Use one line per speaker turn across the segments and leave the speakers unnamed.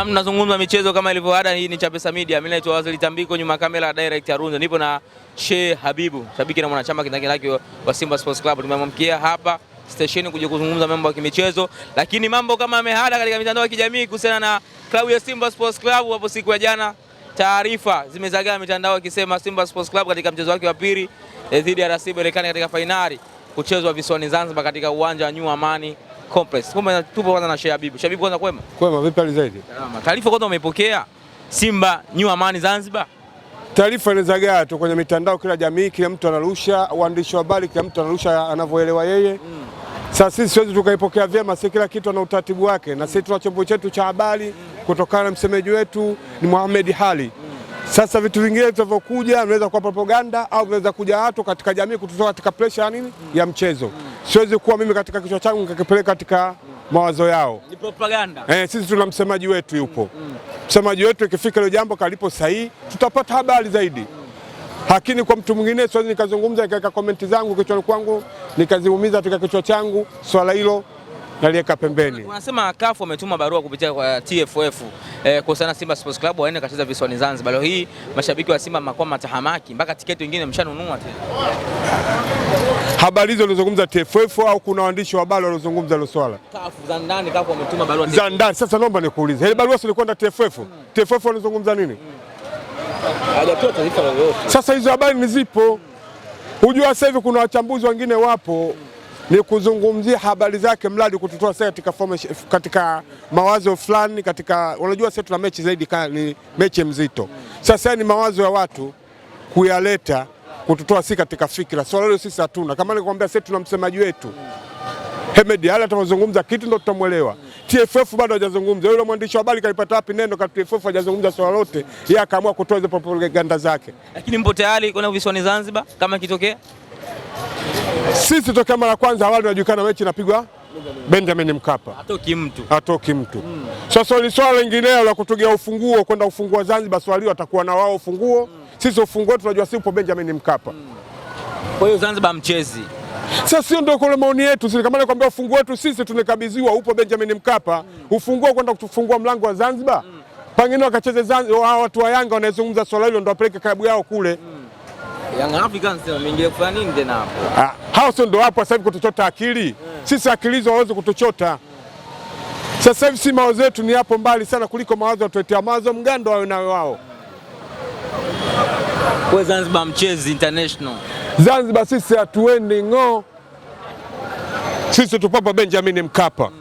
Naam, nazungumza michezo kama ilivyo ada, hii ni Chapesa Media. Mimi naitwa Wazili Tambiko, nyuma kamera direct ya Runza. Nipo na Sheikh Habibu, shabiki na mwanachama kindakindaki wa Simba Sports Club. Tumemwamkia hapa stesheni kuja kuzungumza mambo ya kimichezo, lakini mambo kama yamehada katika mitandao ya kijamii kuhusiana na klabu ya Simba Sports Club. Hapo siku ya jana taarifa zimezagaa mitandao ikisema Simba Sports Club katika mchezo wake wa pili eh, dhidi ya RS Berkane katika fainali kuchezwa visiwani Zanzibar katika uwanja wa Amani complex. Kumbe tupo kwanza na Shabibu. Shabibu kwanza kwema?
Kwema, vipi hali zaidi?
Salama. Taarifa kwanza umepokea Simba New Amani Zanzibar.
Taarifa inazagaa tu kwenye mitandao, kila jamii, kila mtu anarusha, uandishi wa habari, kila mtu anarusha anavyoelewa yeye. Mm. Sasa sisi siwezi tukaipokea vyema, si kila kitu ana utaratibu wake, na sisi tuna chombo chetu cha habari mm. kutokana na msemaji wetu ni Mohamed Hali mm. Sasa vitu vingine vitavyokuja vinaweza kuwa propaganda au vinaweza kuja watu katika jamii kututoa katika pressure ya nini mm. ya mchezo mm siwezi kuwa mimi katika kichwa changu nikakipeleka katika mawazo yao.
Ni propaganda.
Eh, sisi tuna msemaji wetu yupo, msemaji wetu ikifika hilo jambo kalipo sahihi, tutapata habari zaidi lakini kwa mtu mwingine siwezi nikazungumza nikaweka komenti zangu kichwani kwangu nikaziumiza katika kichwa changu swala hilo naliweka pembeni.
Wanasema CAF wametuma barua kupitia kwa TFF eh, kuhusiana Simba Sports Club waende kacheza visiwani Zanzibar. Leo hii mashabiki wa Simba makuwa matahamaki mpaka tiketi wengine mshanunua tena.
Habari hizo alizozungumza TFF au kuna waandishi wa habari waliozungumza hilo swala?
CAF za ndani, CAF wametuma barua za
ndani. Sasa naomba nikuulize, ile barua silikwenda TFF? Hmm. TFF walizungumza nini? Hmm. Hajatoa taarifa yoyote. Sasa hizo habari ni zipo. Mm. Hujua sasa hivi kuna wachambuzi wengine wapo. Hmm ni kuzungumzia habari zake, mradi kututoa sasa katika katika mawazo fulani, katika unajua, sasa tuna mechi zaidi ni mechi mzito. Sasa ni mawazo ya watu kuyaleta kututoa sisi katika fikra. Swala hilo sisi hatuna, kama nilikwambia, sasa tuna msemaji wetu Hemedi, hali atazungumza kitu ndo tutamwelewa. TFF bado hajazungumza. Yule mwandishi wa habari kaipata wapi neno kwa TFF? Hajazungumza swala lote, yeye akaamua kutoa hizo propaganda zake.
Lakini mpo tayari kwenda visiwani Zanzibar kama ikitokea
sisi tokea mara kwanza awali tunajulikana, mechi inapigwa Benjamin Mkapa,
hatoki mtu,
hatoki mtu. Mm. Sasa ni swala lingineo la kutugia ufunguo kwenda ufungua Zanzibar, swali watakuwa na wao ufunguo. Mm. Sisi ufunguo tunajua si upo Benjamin Mkapa. Mm.
Kwa hiyo Zanzibar mchezi
sasa sio ndio kule maoni yetu sisi, kama nakwambia ufunguo wetu sisi tulikabidhiwa upo Benjamin Mkapa. Mm. Ufunguo kwenda kutufungua mlango wa Zanzibar. Mm. Pengine wakacheze Zanzibar, watu wa Yanga wanaezungumza swala hilo, ndio wapeleke klabu yao kule. Mm.
Young Africans wameingia kufanya nini tena hapo?
Ah, hao sio ndio hapo sasa hivi kutuchota akili yeah. Sisi akili hizo hawezi kutuchota yeah. Sasa hivi si mawazo yetu ni hapo mbali sana kuliko mawazo yatuletea mawazo mgando wao nawe wao.
Kwa Zanzibar mchezi international.
Zanzibar sisi hatuendi ng'o, sisi tupapa Benjamin Mkapa mm.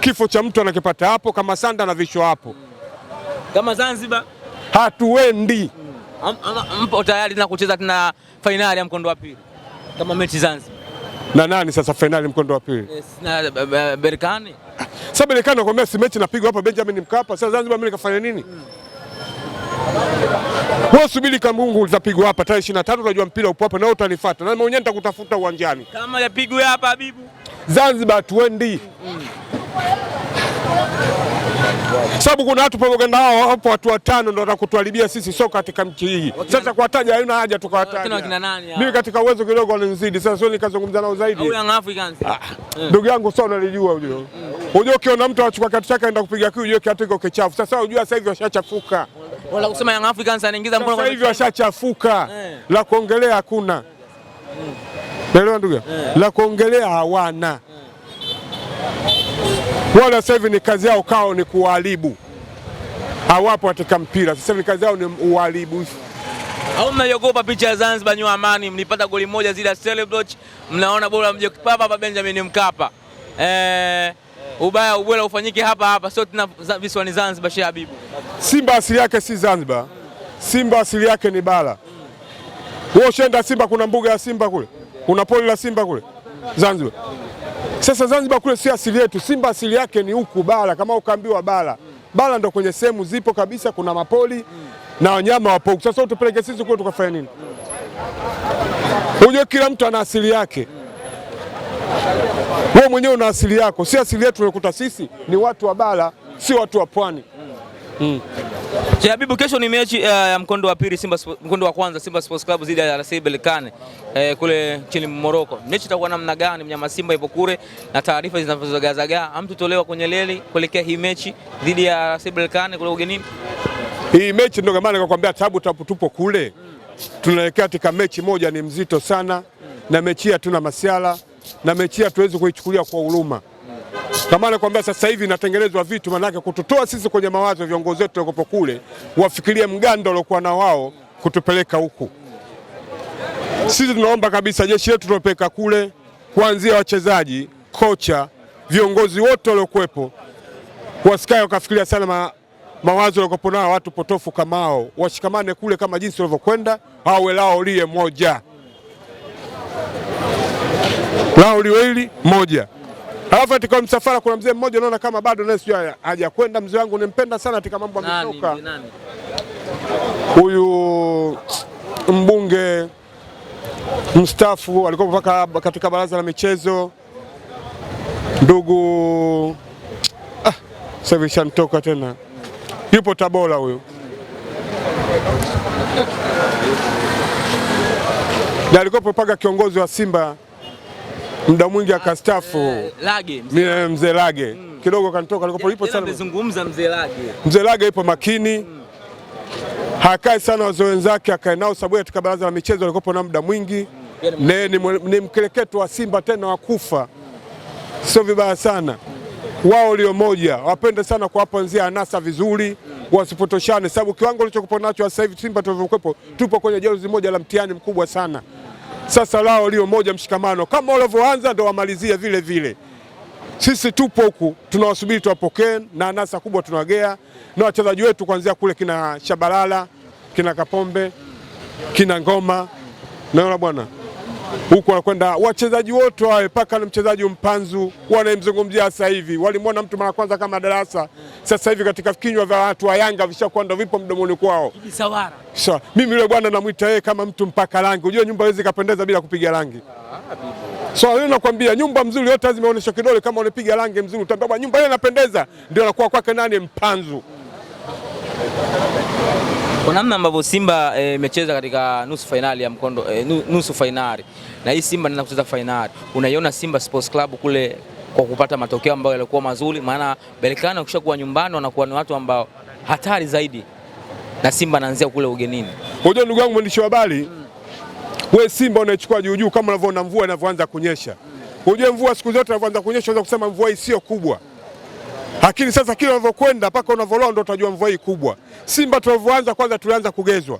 Kifo cha mtu anakipata hapo, kama sanda na visho hapo mm.
Kama Zanzibar
hatuendi mm
mpo tayari na kucheza tena fainali ya mkondo wa pili kama mechi Zanzibar
na nani sasa fainali mkondo wa pili? Yes,
na eh, Berkane.
Sasa Berkane nakwambia si mechi napigwa hapa Benjamin Mkapa. Sasa Zanzibar mimi nikafanya nini? Mm. Wewe subiri kamungu utapigwa hapa tarehe 23 utajua mpira upo hapa na utanifuata. Na mimi mwenyewe nitakutafuta uwanjani.
Kama yapigwe hapa Habibu.
Zanzibar tuendi. Mm sababu kuna watu propaganda wao hapo, watu watano ndio watakutuharibia sisi soka katika nchi hii. Sasa kuwataja haina haja tukawataja, mimi katika uwezo kidogo wananizidi, sasa sio nikazungumza nao zaidi.
Ah, eh.
Ndugu yangu sio, unalijua ujue Unajua ukiona mtu anachukua kiatu chake aenda kupiga kiu, unajua kiatu iko kichafu. Sasa unajua sasa hivi washachafuka.
Wala kusema Young Africans anaingiza mbona, kwa
hivi washachafuka. Eh. La kuongelea hakuna. Naelewa ndugu? Eh. La kuongelea hawana. Wale sasa hivi ni kazi yao kao ni kuharibu, hawapo katika mpira sasa hivi, kazi yao ni uharibu.
Au mnaiogopa picha ya Zanzibar nywa amani, mlipata goli moja zile celebrate, mnaona bora mje kipapa hapa Benjamin Mkapa eh, ubaya ubwela ufanyike hapa hapa, sio tena visiwani Zanzibar. Sheikh Habibu,
Simba asili yake si Zanzibar, Simba asili yake ni bara. Wewe ushaenda Simba, kuna mbuga ya Simba kule, kuna poli la Simba kule Zanzibar. Sasa Zanzibar kule si asili yetu. Simba asili yake ni huku bara, kama ukaambiwa bara bara ndo kwenye sehemu zipo kabisa, kuna mapoli mm. na wanyama wapo Sasa utupeleke sisi kule tukafanya nini? Unajua, kila mtu ana asili yake, wewe mwenyewe una asili yako. Si asili yetu unakuta sisi ni watu wa bara, si watu wa pwani mm.
Je, Habibu, kesho ni mechi eh, ya mkondo wa pili Simba mkondo wa kwanza Simba Sports Club dhidi ya RS Berkane eh, kule nchini Morocco. Mechi itakuwa namna gani? Mnyama Simba ipo kule na taarifa amtu amtutolewa kwenye leli kuelekea hii mechi dhidi ya RS Berkane kule ugenini.
Hii mechi ndio maana nikakwambia tabu tabu, tupo kule tunaelekea katika mechi moja ni mzito sana, na mechi hatuna masiala, na mechi hatuwezi kuichukulia kwa huruma. Ndio maana nakwambia sasa hivi natengenezwa vitu, maanake kututoa sisi kwenye mawazo viongozi wetu waliokuwa kule, wafikirie mganda waliokuwa na wao kutupeleka huku. Sisi tunaomba kabisa jeshi letu tunapeleka kule, kuanzia wachezaji, kocha, viongozi wote waliokuwepo, wasikae wakafikiria sana ma, mawazo waliokuwa nao watu potofu kama hao, washikamane kule kama jinsi walivyokwenda, awe lao liwe moja, lao liwe hili moja. Alafu ati kwa msafara kuna mzee mmoja unaona kama bado naye sio hajakwenda. Mzee wangu nimpenda sana katika mambo ametoka. Huyu mbunge mstaafu alikuwa mpaka katika baraza la michezo ndugu, ah, sasa ishamtoka tena, yupo Tabora huyu na alikuwa mpaka kiongozi wa Simba muda mwingi ah, akastafu eh, mzee Lage hmm. kidogo kanitoka
alikopo sana. mzungumza mzee Lage,
mzee Lage ipo makini mm. hakai sana wazee wenzake, akae nao sababu katika baraza la michezo alikopo na muda mwingi mm. ni mkereketo wa Simba tena wakufa mm. sio vibaya sana mm. wao lio moja wapende sana kuwapa nzia anasa vizuri mm. wasipotoshane, sababu kiwango ulichokupo sasa hivi Simba tulivyokuepo mm. tupo kwenye jeruzi moja la mtihani mkubwa sana mm. Sasa lao lio moja, mshikamano kama walivyoanza ndo wamalizia vile vile. Sisi tupo huku tunawasubiri, tuwapokee na anasa kubwa tunawagea na wachezaji wetu kuanzia kule kina Shabalala, kina Kapombe, kina Ngoma, naona bwana huku wanakwenda wachezaji wote wawe paka na mchezaji mpanzu wanaemzungumzia sasa hivi, walimwona mtu mara kwanza kama darasa. Sasa hivi katika kinywa vya watu wa Yanga vishakuwa ndo vipo mdomoni kwao. So, mimi yule bwana namwita yeye kama mtu mpaka rangi. Unajua nyumba haiwezi kapendeza bila kupiga rangi. So leo nakwambia nyumba mzuri yote lazima ionyeshe kidole, kama unapiga rangi mzuri utaambia nyumba ile inapendeza. Ndio anakuwa kwake nani mpanzu
kwa namna ambavyo Simba eh, imecheza e, katika nusu fainali ya mkondo e, nusu fainali na hii Simba inaenda kucheza fainali, unaiona Simba Sports Club kule kwa kupata matokeo ambayo yalikuwa mazuri, maana Berkane wakishakuwa nyumbani wanakuwa ni watu ambao hatari zaidi, na Simba anaanzia kule ugenini.
Unajua ndugu yangu mwandishi wa habari mm. We Simba unaichukua juu juu kama unavyoona mvua inavyoanza kunyesha. Unajua mvua siku zote inavyoanza kunyesha unaweza kusema mvua hii sio kubwa mm. Lakini sasa kile unavyokwenda mpaka unavyoloa ndio utajua mvua hii kubwa. Simba tulivyoanza kwanza, tulianza kugezwa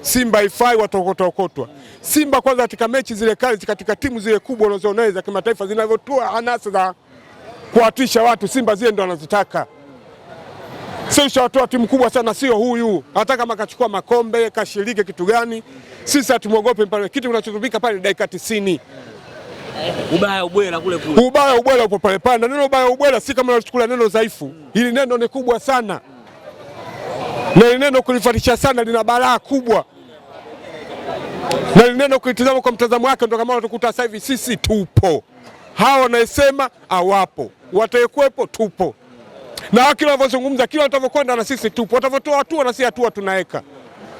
Simba ifai haifai watokotokotwa. Simba kwanza, katika mechi zile kali, katika timu zile kubwa unazoona za kimataifa zinavyotua anasa za kuatisha watu, Simba zile ndio anazitaka. Sisi shawatoa timu kubwa sana, sio huyu. Hata kama kachukua makombe kashiriki kitu gani, sisi hatumwogope pale. Kitu kinachotumika pale dakika tisini.
Ubaya ubwela kule kule.
Ubaya ubwela upo pale pale. Neno ubaya ubwela si kama unachukua neno dhaifu. Hili neno ni kubwa sana. Na hili neno kulifatisha sana lina balaa kubwa. Na hili neno kulitazama kwa mtazamo wake ndio kama unatukuta sasa hivi sisi tupo. Hawa wanaesema hawapo. Watakuwepo tupo. Na kila wanavyozungumza, kila watavyokwenda na sisi tupo. Watavyotoa hatua na sisi hatua tunaweka.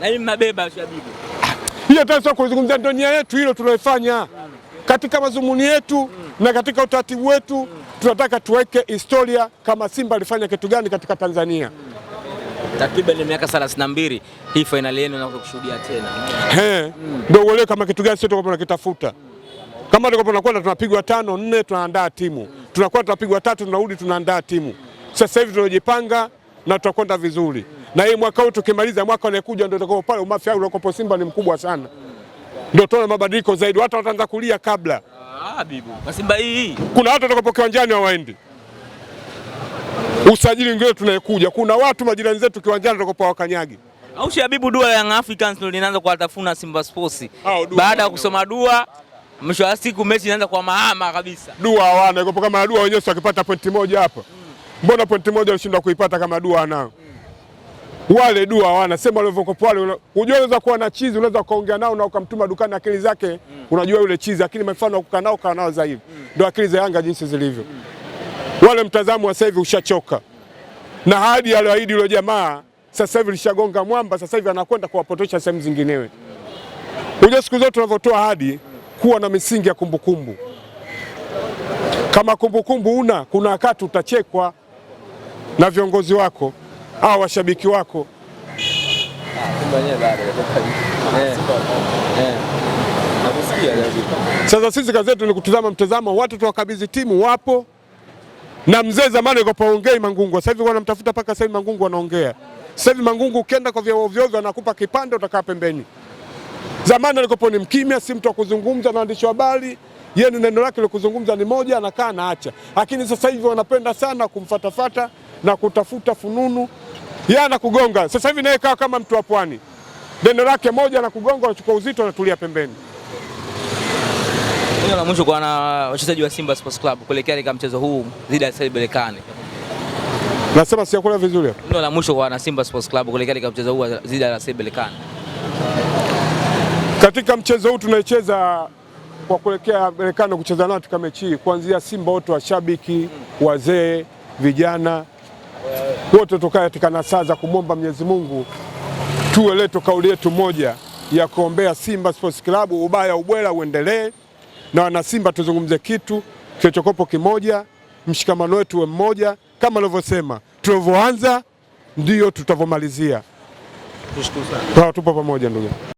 Na hii mnabeba shabibu.
Hiyo sio kuzungumzia ndio nia yetu hilo tunaifanya katika mazumuni yetu mm. na katika utaratibu wetu mm. tunataka tuweke historia kama Simba alifanya kitu gani katika Tanzania mm.
Takriban miaka 32 hii fainali yenu nakuja kushuhudia tena,
ndio mm. uelewe kama kitu gani sio tunakitafuta. Kama tulikuwa tunakwenda tunapigwa tano nne, tunaandaa timu, tunakwenda tunapigwa tatu, tunarudi tunaandaa timu. Sasa hivi tunajipanga na tutakwenda vizuri, na hii mwaka huu tukimaliza, mwaka unakuja ndio tutakao pale, umafia uliokopo Simba ni mkubwa sana ndio tuone mabadiliko zaidi, watu wataanza kulia kabla.
Ah, bibu. Kwa Simba hii.
Kuna watu watakapo kiwanjani hawaendi usajili ngine tunayekuja, kuna watu majirani zetu kiwanjani watakapo wakanyagi
au shabibu dua Young Africans ndio linaanza kuwatafuna Simba Sports baada ya kusoma dua mwisho wa siku mechi inaanza kwa mahama kabisa.
Dua hawana kama dua wenyewe wakipata pointi moja hapa, mm. mbona pointi moja alishindwa kuipata kama dua anao wale dua hawana sema walivyokopa wale. Unajua unaweza kuwa na chizi, unaweza kaongea nao na ukamtuma dukani, akili zake mm. unajua yule chizi, lakini mfano kukaa nao kaa nao zaidi mm. ndio akili za Yanga jinsi zilivyo mm. wale mtazamo wa sasa hivi ushachoka na hadi aliyoahidi yule jamaa sasa hivi lishagonga mwamba, sasa hivi anakwenda kuwapotosha sehemu zinginewe. Unajua siku zote tunavyotoa hadi kuwa na misingi ya kumbukumbu kumbu. Kama kumbukumbu kumbu una kuna wakati utachekwa na viongozi wako au washabiki wako sasa sisi kazi yetu ni kutazama mtazamo, watu tuwakabidhi timu, wapo na mzee zamani alikuwa paongei Mangungu, sasa hivi wanamtafuta paka sasa hivi Mangungu anaongea. Sasa hivi Mangungu ukienda kwa vyao vyao anakupa kipande, utakaa pembeni. Zamani alikuwa ni mkimya, si mtu wa kuzungumza na waandishi wa habari, yeye ni neno lake la kuzungumza ni moja, anakaa naacha. Lakini sasa hivi wanapenda sana kumfuatafuta na kutafuta fununu yeye anakugonga sasa hivi naye kaa kama mtu wa pwani, deno lake moja anakugonga, unachukua uzito, unatulia pembeni.
Neno la mwisho kwa na wachezaji wa Simba Sports Club kuelekea katika mchezo huu dhidi ya SC Berkane.
Nasema kula vizuri. Neno
la mwisho kwa na Simba Sports Club kuelekea katika mchezo huu dhidi ya SC Berkane.
Katika mchezo huu tunaicheza kwa kuelekea Berkane kucheza nao katika mechi hii, kuanzia Simba wote, washabiki, wazee, vijana wote tukae katika nasaa za kumwomba Mwenyezi Mungu, tuwe letu kauli yetu moja ya kuombea Simba Sports Club, ubaya ubwela uendelee, na wana Simba tuzungumze kitu kilichokopo kimoja, mshikamano wetu we mmoja, kama alivyosema tulivyoanza ndiyo tutavyomalizia. Tupo pamoja ndugu.